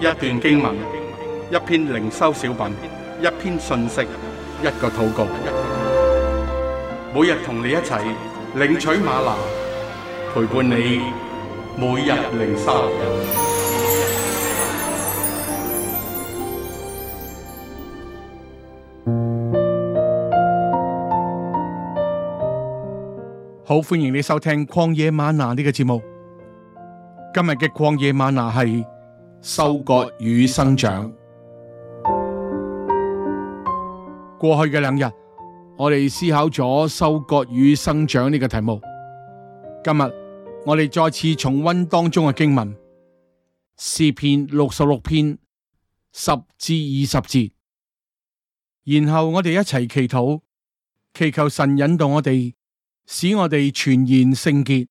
一段經文，一篇靈修小品，一篇信息，一個禱告。每日同你一齊領取嗎哪，陪伴你每日靈修。好，歡迎你收聽《曠野嗎哪》呢個節目。今日嘅曠野嗎哪係。收割與生長。過去嘅兩日，我哋思考咗收割與生長呢個題目。今日我哋再次重溫當中嘅經文，詩篇六十六篇十至二十節。然後我哋一齊祈禱，祈求神引導我哋，使我哋傳言聖潔。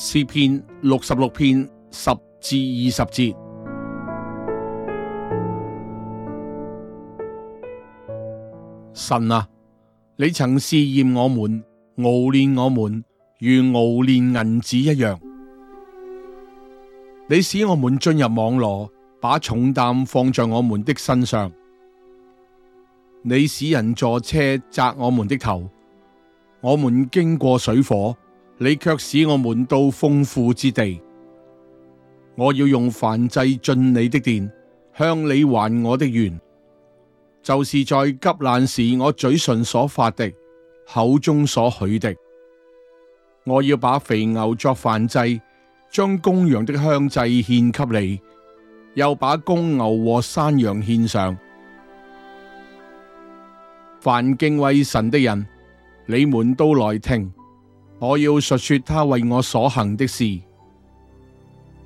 詩篇六十六篇十至二十節。神啊，你曾試驗我們，熬煉我們，如熬煉銀子一樣。你使我們進入網羅，把重擔放在我們的身上。你使人坐車軋我們的頭，我們經過水火。你卻使我們到豐富之地，我要用燔祭進你的殿，向你還我的願，就是在急難時我嘴唇所發的，口中所許的。我要把肥牛作燔祭，將公羊的香祭獻給你，又把公牛和山羊獻上。凡敬畏神的人，你們都來聽。我要述說他為我所行的事，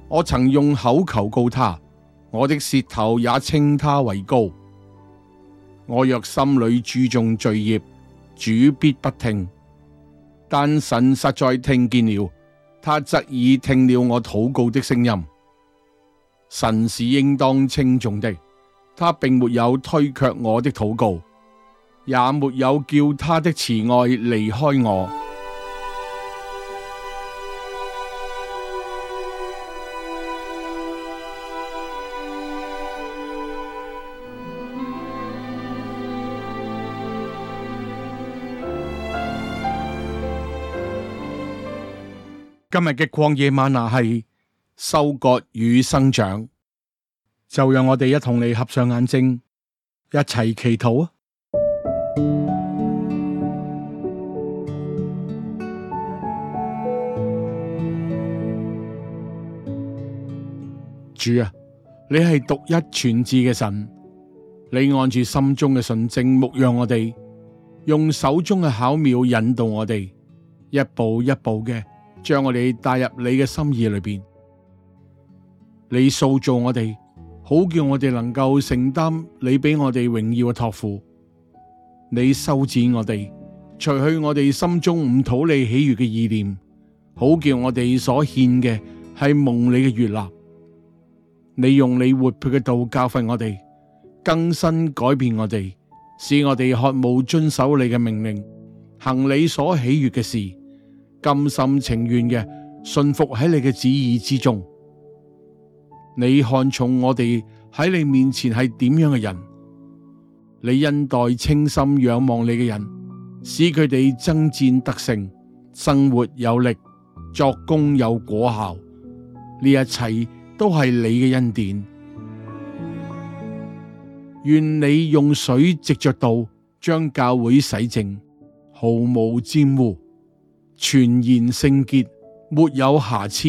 我曾用口求告他，我的舌頭也稱他為高。我若心裏注重罪孽，主必不聽；但神實在聽見了，他側耳聽了我禱告的聲音。神是應當稱頌的，他並沒有推卻我的禱告，也沒有叫他的慈愛離開我。今日嘅曠野嗎哪係收割與生長，就讓我哋一同你合上眼睛，一齊祈禱啊！ 主啊，你係獨一全智嘅神，你按住心中嘅純正，牧養我哋，用手中嘅巧妙引導我哋，一步一步嘅。將我哋帶入你嘅心意裏邊，你塑造我哋，好叫我哋能夠承擔你俾我哋榮耀嘅託付。你修剪我哋，除去我哋心中唔討你喜悦嘅意念，好叫我哋所獻嘅係蒙你嘅悦納。你用你活潑嘅道教訓我哋，更新改變我哋，使我哋渴慕遵守你嘅命令，行你所喜悦嘅事。甘心情願嘅信服喺你嘅旨意之中。你看重我哋喺你面前係點樣嘅人，你恩待清心仰望你嘅人，使佢哋爭戰得勝，生活有力，作工有果效。呢一切都係你嘅恩典。願你用水藉着道將教會洗淨，毫無玷污。全然聖潔，沒有瑕疵，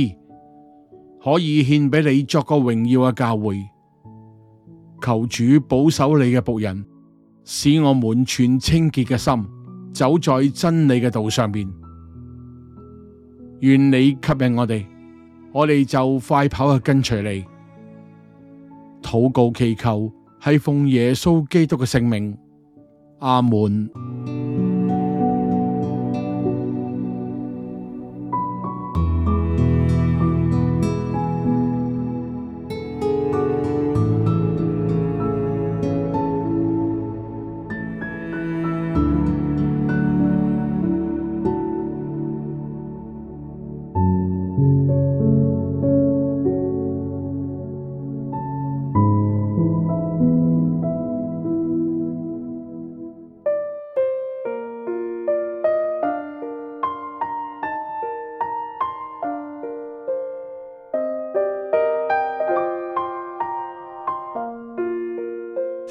可以獻俾你作個榮耀嘅教會。求主保守你嘅僕人，使我們存清潔嘅心走在真理嘅道上面。願你吸引我哋，我哋就快跑去跟隨你。禱告祈求係奉耶穌基督嘅聖名。阿門。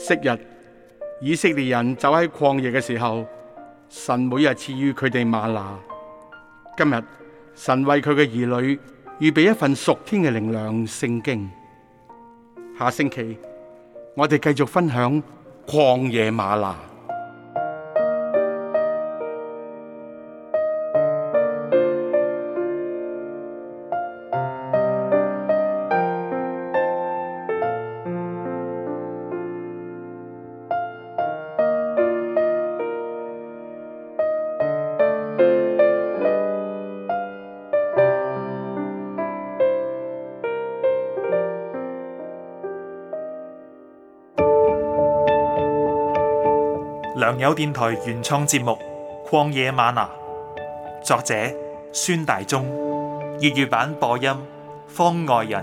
昔日以色列人走喺曠野嘅時候，神每日賜予佢哋嗎哪。今日神為佢嘅兒女預備一份屬天嘅靈糧聖經。下星期我哋繼續分享曠野嗎哪。良友電台原創節目《曠野嗎哪》，作者：孫大中，粵語版播音：方外人。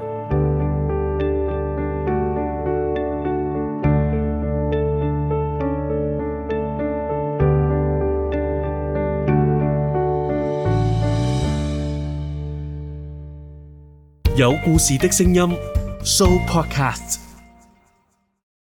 有故事的聲音，Show Podcast。